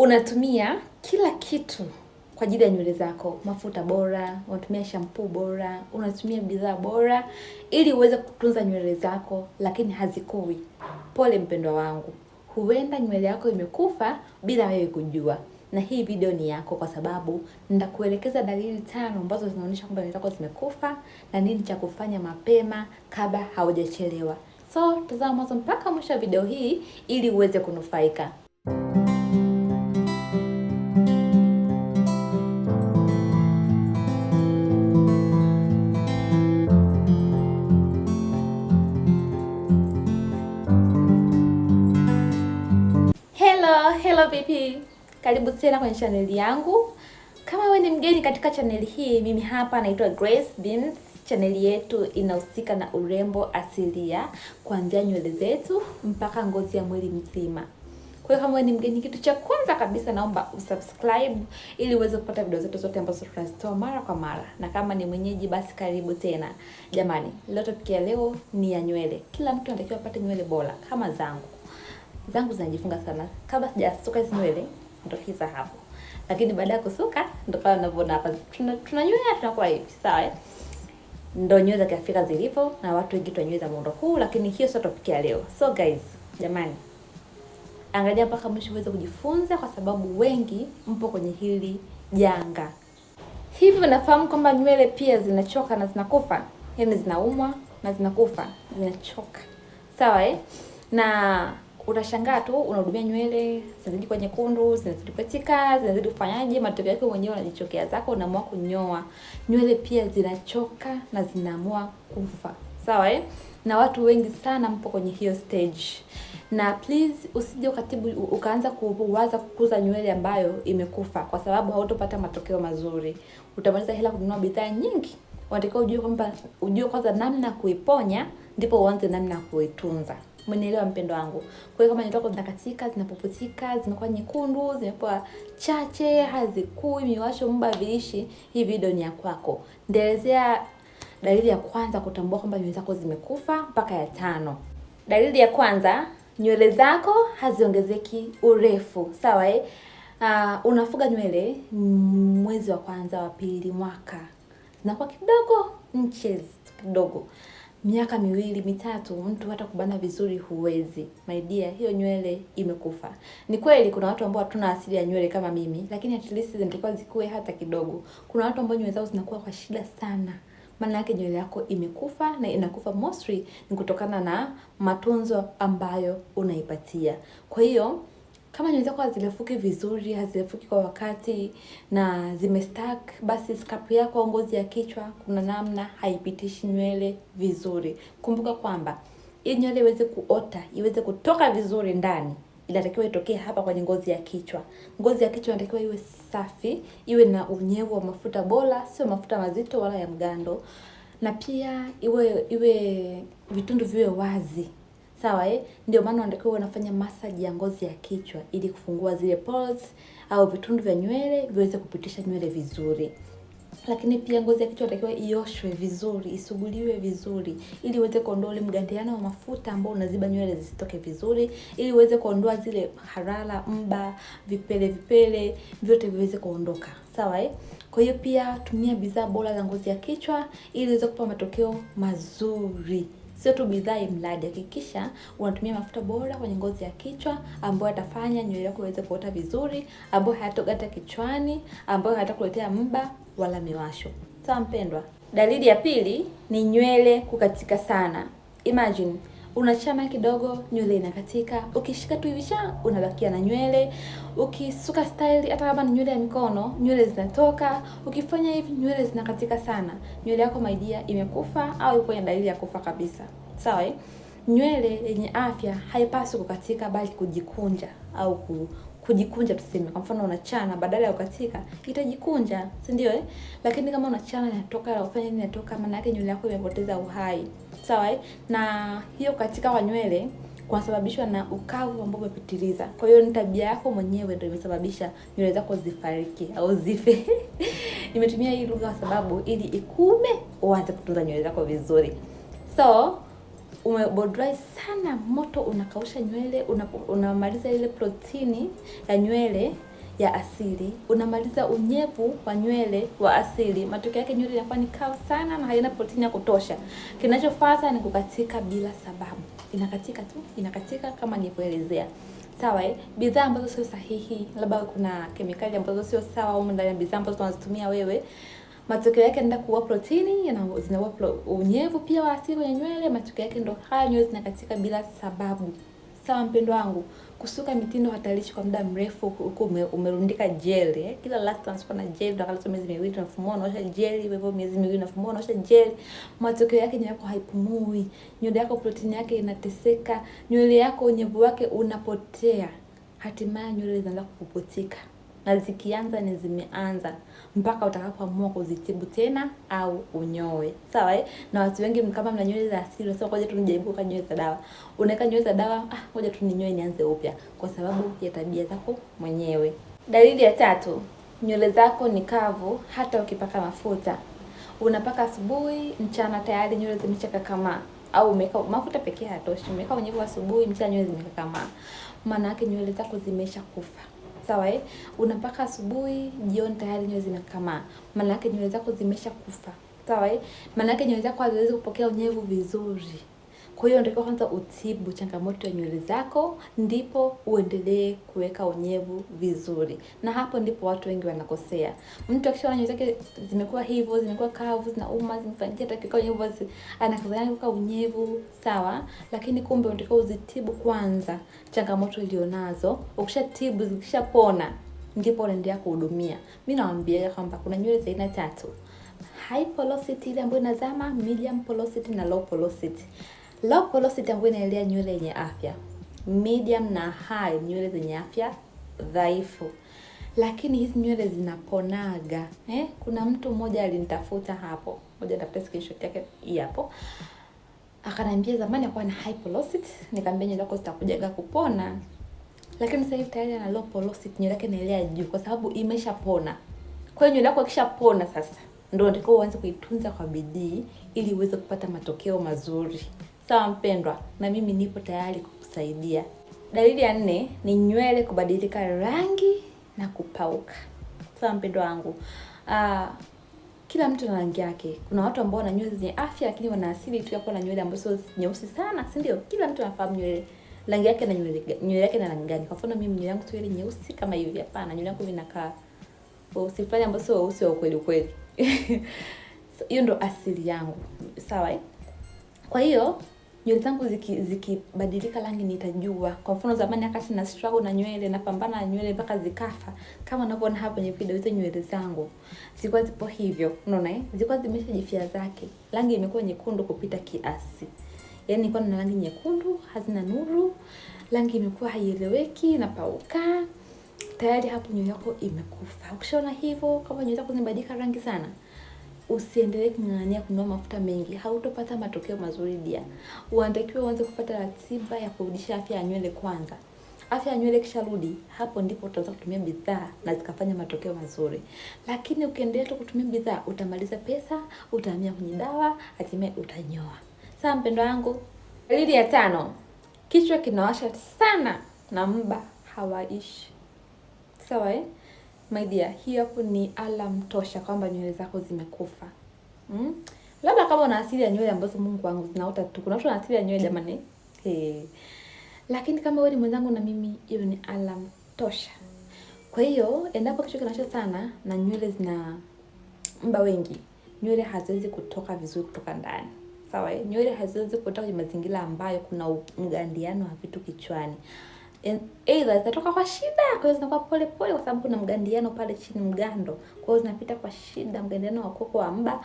unatumia kila kitu kwa ajili ya nywele zako, mafuta bora, unatumia shampoo bora, unatumia bidhaa bora ili uweze kutunza nywele zako, lakini hazikui. Pole mpendwa wangu, huenda nywele yako imekufa bila wewe kujua, na hii video ni yako, kwa sababu nitakuelekeza dalili tano ambazo zinaonyesha kwamba nywele zako zimekufa na nini cha kufanya mapema kabla haujachelewa. So tazama mwanzo mpaka mwisho wa video hii ili uweze kunufaika. Hello vipi, karibu tena kwenye chaneli yangu. Kama wewe ni mgeni katika chaneli hii, mimi hapa naitwa Grace Beams. Chaneli yetu inahusika na urembo asilia, kuanzia nywele zetu mpaka ngozi ya mwili mzima. Kwa hiyo kama wewe ni mgeni, kitu cha kwanza kabisa naomba usubscribe ili uweze kupata video zetu zote ambazo tunazitoa mara kwa mara, na kama ni mwenyeji, basi karibu tena. Jamani, leo ya leo ni ya nywele. Kila mtu anatakiwa apate nywele bora kama zangu zangu zinajifunga sana. Kabla sijasuka hizi nywele ndo hiza hapo, lakini baada ya kusuka ndo kama unavyoona hapa, tunanywea tunakuwa hivi, sawa. Eh? Ndo nywele za Kiafrika zilivyo, na watu wengi tuna za muundo huu, lakini hiyo sio topic ya leo. So guys, jamani, angalia mpaka mwisho uweze kujifunza, kwa sababu wengi mpo kwenye hili janga. Hivi unafahamu kwamba nywele pia zinachoka na zinakufa, yaani zinaumwa na zinakufa, zinachoka, sawa eh? na unashangaa tu unahudumia nywele zinazidi kwa nyekundu, zinazidi kukatika, zinazidi kufanyaje, matokeo yake mwenyewe unajichokea zako, unaamua kunyoa. Nywele pia zinachoka na zinaamua kufa, sawa eh? Na watu wengi sana mpo kwenye hiyo stage, na please usije ukatibu ukaanza kuwaza kukuza nywele ambayo imekufa, kwa sababu hautopata matokeo mazuri. Utamaliza hela kununua bidhaa nyingi. Unatakiwa ujue kwamba ujue kwanza namna ya kuiponya, ndipo uanze namna ya kuitunza. Umenielewa mpendo wangu. Kwa hiyo kama nitoka zinakatika, zinapoputika zimekuwa nyekundu, zimekuwa chache, hazikui, miwasho mba viishi, hii video ni ya kwako. Ndaelezea dalili ya kwanza kutambua kwamba nywele zako zimekufa mpaka ya tano. Dalili ya kwanza, nywele zako haziongezeki urefu, sawa eh? Uh, unafuga nywele mwezi wa kwanza, wa pili, mwaka zinakuwa kidogo nches kidogo miaka miwili mitatu, mtu hata kubana vizuri huwezi. My dear, hiyo nywele imekufa. Ni kweli kuna watu ambao hatuna asili ya nywele kama mimi, lakini at least zinatakiwa zikue hata kidogo. Kuna watu ambao nywele zao zinakuwa kwa shida sana, maana yake nywele yako imekufa, na inakufa mostly ni kutokana na matunzo ambayo unaipatia. Kwa hiyo kama nywele zako hazirefuki vizuri, hazirefuki kwa wakati na zimestack, basi scalp yako au ngozi ya kichwa kuna namna haipitishi nywele vizuri. Kumbuka kwamba ili nywele iweze kuota, iweze kutoka vizuri ndani, inatakiwa itokee hapa kwenye ngozi ya kichwa. Ngozi ya kichwa inatakiwa iwe safi, iwe na unyevu wa mafuta bora, sio mafuta mazito wala ya mgando, na pia iwe iwe vitundu viwe wazi sawa eh? Ndio maana unatakiwa unafanya massage ya ngozi ya kichwa ili kufungua zile pores au vitundu vya nywele viweze kupitisha nywele vizuri lakini pia ngozi ya kichwa inatakiwa ioshwe vizuri, isuguliwe vizuri, ili uweze kuondoa ule mgandiano wa mafuta ambao unaziba nywele zisitoke vizuri, ili uweze kuondoa zile harara, mba, vipele vipele vyote viweze kuondoka, sawa eh? Kwa hiyo pia tumia bidhaa bora za ngozi ya kichwa ili uweze kupata matokeo mazuri sio tu bidhaa mradi Hakikisha unatumia mafuta bora kwenye ngozi ya kichwa ambayo atafanya nywele yako iweze kuota vizuri, ambayo hayatogata kichwani, ambayo hayatakuletea mba wala miwasho. Sawa mpendwa. Dalili ya pili ni nywele kukatika sana. Imagine unachana kidogo, nywele inakatika. Ukishika tu hivi sha unabakia na nywele. Ukisuka style, hata kama ni nywele ya mikono, nywele zinatoka. Ukifanya hivi, nywele zinakatika sana. Nywele yako my dear, imekufa au ipo dalili ya kufa kabisa, sawa eh? Nywele yenye afya haipaswi kukatika, bali kujikunja au ku kujikunja tuseme. Kwa mfano unachana, badala ya ukatika itajikunja, si ndio eh? Lakini kama unachana inatoka, unafanya nini, inatoka, maana yake nywele yako imepoteza uhai sawa eh? na hiyo katika wa nywele kunasababishwa na ukavu ambao umepitiliza. Kwa hiyo ni tabia yako mwenyewe ndio imesababisha nywele zako zifariki au zife. Nimetumia hii lugha kwa sababu ili ikume uanze kutunza nywele zako vizuri. So umebodry sana, moto unakausha nywele, unamaliza ile protini ya nywele ya asili, unamaliza unyevu wa nywele wa asili. Matokeo yake nywele inakuwa ni kavu sana na haina protini ya kutosha. Kinachofuata ni kukatika bila sababu, inakatika tu, inakatika kama nilivyoelezea. Sawa, eh, bidhaa ambazo sio sahihi, labda kuna kemikali ambazo sio sawa au ndani ya bidhaa ambazo tunazitumia wewe matokeo yake anaenda kuua protini, na zinaua unyevu pia wa asili wenye nywele. Matokeo yake ndo haya, nywele zinakatika bila sababu. Sawa mpendo wangu kusuka mitindo hatarishi kwa muda mrefu, huko umerundika jeli eh? Kila last transfer na jeli utakaleta miezi miwili unafumua unaosha jeli, hivyo miezi miwili unafumua unaosha jeli. Matokeo yake nywele yako haipumui, nywele yako protini yake inateseka, nywele yako unyevu wake unapotea, hatimaye nywele zinaanza kupuputika na zikianza ni zimeanza mpaka utakapoamua kuzitibu tena au unyoe, sawa eh? Na watu wengi kama mna nywele za asili, sasa ngoja tu nijaribu kwa nywele za dawa, unaweka nywele za dawa, ah, ngoja tu ninyoe nianze upya, kwa sababu ya tabia zako mwenyewe. Dalili ya tatu, nywele zako ni kavu hata ukipaka mafuta. Unapaka asubuhi, mchana, tayari nywele zimechakakamaa au umeka mafuta pekee hayatoshi, umeka unyevu asubuhi, mchana nywele zimekakamaa, maana yake nywele zako zimesha kufa sawa eh? Unapaka asubuhi, jioni tayari nywele zimekamaa maana yake nywele zako zimesha kufa sawa eh? Maana yake nywele zako haziwezi kupokea unyevu vizuri. Kwa hiyo ndio kwanza utibu changamoto ya nywele zako, ndipo uendelee kuweka unyevu vizuri, na hapo ndipo watu wengi wanakosea. Mtu akishaona nywele zake zimekuwa hivyo, zimekuwa kavu, zinauma, zimefanyia takika unyevu, anakazania kuweka unyevu sawa, lakini kumbe unatakiwa uzitibu kwanza changamoto ilionazo. Ukishatibu zikishapona, ndipo unaendelea kuhudumia. Mimi nawambiaga kwamba kuna nywele za aina tatu: high porosity ile ambayo inazama, medium porosity na low porosity. Low porosity ambayo inaelea nywele yenye afya, medium na high nywele zenye afya dhaifu. Lakini hizi nywele zinaponaga eh. Kuna mtu mmoja alinitafuta hapo, moja tafuta screenshot yake hii hapo, akaniambia zamani alikuwa na high porosity. Nikamwambia nywele zako zitakujaga kupona, lakini sasa hivi tayari ana low porosity, nywele yake inaelea juu kwa sababu imeshapona. Kwa hiyo nywele yako ikishapona sasa ndio unatakiwa uanze kuitunza kwa bidii ili uweze kupata matokeo mazuri. Sawa mpendwa, na mimi nipo tayari kukusaidia. Dalili ya nne ni nywele kubadilika rangi na kupauka. Sawa mpendwa wangu, ah, kila mtu ana rangi yake. Kuna watu ambao wana nywele zenye afya, lakini wana asili tu ya kuwa na nywele ambazo nyeusi sana, si ndio? Kila mtu anafahamu nywele rangi yake na nywele nywele yake na rangi gani. Kwa mfano mimi nywele yangu tu ile nyeusi kama hivi, hapana, nywele yangu inakaa weusi fulani ambao sio weusi wa kweli kweli. Hiyo ndo asili yangu, sawa eh? Kwa hiyo nywele zangu zikibadilika ziki rangi nitajua. Kwa mfano zamani wakati na struggle na nywele napambana na nywele mpaka zikafa, kama unavyoona hapa kwenye video, hizo nywele zangu zilikuwa zipo hivyo, unaona eh, zilikuwa zimeshajifia zake, rangi imekuwa nyekundu kupita kiasi, yaani ilikuwa na rangi nyekundu, hazina nuru, rangi imekuwa haieleweki na pauka tayari hapo nywele yako imekufa. Ukishaona hivyo, kama nywele zako zimebadilika rangi sana usiendelee kung'ang'ania kununua mafuta mengi, hautopata matokeo mazuri dia. Unatakiwa uanze kupata ratiba ya kurudisha afya ya nywele kwanza. Afya ya nywele kisha rudi, hapo ndipo utaanza kutumia bidhaa na zikafanya matokeo mazuri. Lakini ukiendelea tu kutumia bidhaa, utamaliza pesa, utahamia kwenye dawa, hatimaye utanyoa. Sasa mpendo wangu, dalili ya tano, kichwa kinawasha sana na mba hawaishi. Sawa eh? my dear, hii hapo ni alarm tosha kwamba nywele zako zimekufa. Mm? Labda kama una asili ya nywele ambazo Mungu wangu zinaota tu. Kuna watu wana asili ya nywele jamani. Hey. Lakini kama wewe ni mwenzangu na mimi, hiyo ni alarm tosha. Kwa hiyo endapo kichwa kinacho sana na nywele zina mba wengi, nywele haziwezi kutoka vizuri kutoka ndani. Sawa, eh? nywele haziwezi kutoka kwenye mazingira ambayo kuna mgandiano wa vitu kichwani either zinatoka kwa shida, kwa hiyo zinakuwa pole pole, kwa sababu kuna mgandiano pale chini, mgando. Kwa hiyo zinapita kwa shida, mgandiano wa koko wa mba,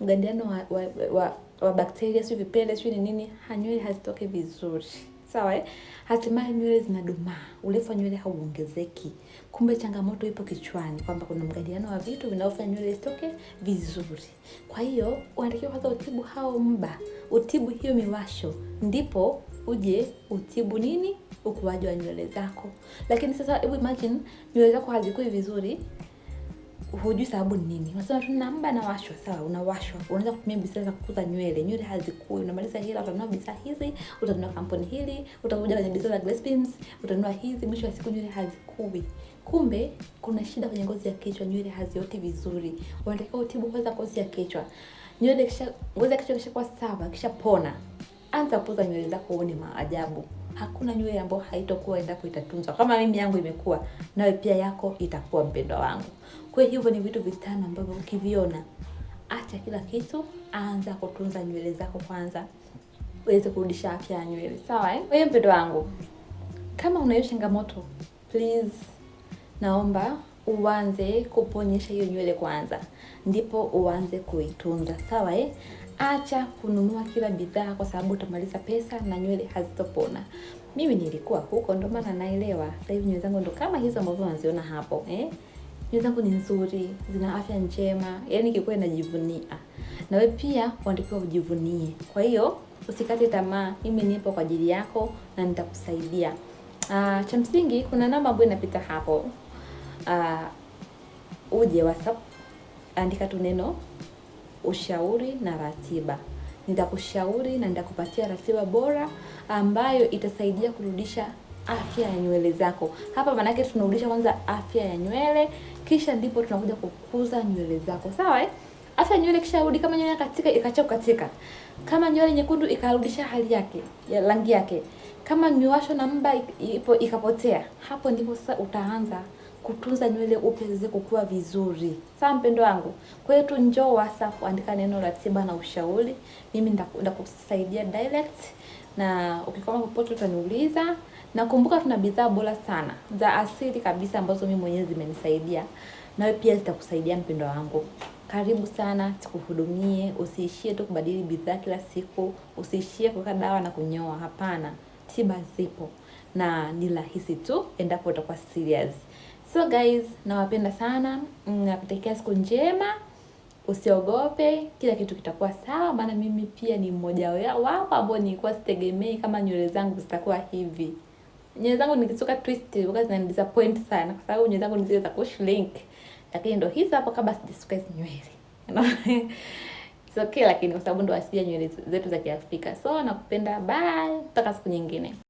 mgandiano wa wa, wa, wa bakteria, sio vipele, sio ni nini, nywele hazitoke vizuri. Sawa eh? Hatimaye nywele zinadumaa, urefu wa nywele hauongezeki. Kumbe changamoto ipo kichwani, kwamba kuna mgandiano wa vitu vinaofanya nywele zitoke vizuri. Kwa hiyo unatakiwa kwanza utibu hao mba, utibu hiyo miwasho, ndipo uje utibu nini ukuaji wa nywele zako. Lakini sasa hebu imagine nywele zako hazikui vizuri, hujui sababu ni nini. Unasema tu namba na washwa, sawa, unawashwa. Unaanza kutumia bidhaa za kukuza nywele, nywele hazikui. Unamaliza hila, utanunua bidhaa hizi, utanunua kampuni hili, utakuja kwenye bidhaa za Grace Beams, utanunua hizi, mwisho wa siku nywele hazikui. Kumbe kuna shida kwenye ngozi ya kichwa, nywele hazioti vizuri. Unataka utibu kwanza ngozi ya kichwa. Nywele kisha ngozi ya kichwa kisha kishakuwa sawa, kisha pona, anza kupoza nywele zako uone maajabu hakuna nywele ambayo haitokuwa endapo itatunzwa. Kama mimi yangu imekuwa, nawe pia yako itakuwa, mpendwa wangu. Kwa hivyo ni vitu vitano ambavyo ukiviona, acha kila kitu, anza kutunza nywele zako kwanza, uweze kurudisha afya ya nywele, sawa eh? Wewe mpendwa wangu, kama unayo changamoto please, naomba uanze kuponyesha hiyo nywele kwanza, ndipo uanze kuitunza, sawa eh? acha kununua kila bidhaa, kwa sababu utamaliza pesa na nywele hazitopona. Mimi nilikuwa huko, ndo maana naelewa. Sasa hivi nywele zangu ndo kama hizo ambavyo unaziona hapo eh? Nywele zangu ni nzuri, zina afya njema, yaani kikuwa najivunia, na wewe pia uandikiwa ujivunie. Kwa hiyo usikate tamaa, mimi nipo kwa ajili yako na nitakusaidia. Uh, cha msingi kuna namba ambayo inapita hapo. Uh, uje WhatsApp, andika tu neno ushauri na ratiba. Nitakushauri na nitakupatia ratiba bora ambayo itasaidia kurudisha afya ya nywele zako. Hapa maanake tunarudisha kwanza afya ya nywele, kisha ndipo tunakuja kukuza nywele zako, sawa eh? Afya ya nywele kisharudi, kama nywele katika ikaacha kukatika, kama nywele nyekundu ikarudisha hali yake ya rangi yake, kama miwasho na mba ipo ikapotea, hapo ndipo sasa utaanza kutunza nywele upya ziweze kukua vizuri. Sawa mpendo wangu. Kwa hiyo tu njoo WhatsApp, andika neno la tiba na ushauri, mimi nitakusaidia direct, na ukikoma popote utaniuliza. Nakumbuka tuna bidhaa bora sana za asili kabisa ambazo mimi mwenyewe zimenisaidia, nawe pia zitakusaidia mpendo wangu. Karibu sana, tukuhudumie. Usiishie tu kubadili bidhaa kila siku, usiishie kuweka dawa na kunyoa. Hapana, tiba zipo na ni rahisi tu endapo utakuwa serious. So guys, nawapenda sana, nakutakia siku njema, usiogope, kila kitu kitakuwa sawa, maana mimi pia ni mmoja wapo ambao nilikuwa sitegemei kama nywele zangu zitakuwa hivi. Nywele zangu nikisuka twist wakati zina disappoint sana, kwa sababu nywele zangu ni zile za kushlink, lakini ndo hizo hapo, kama sijasuka hizi nywele it's okay, lakini kwa sababu ndo asili ya nywele zetu za Kiafrika. So nakupenda, bye, mpaka siku nyingine.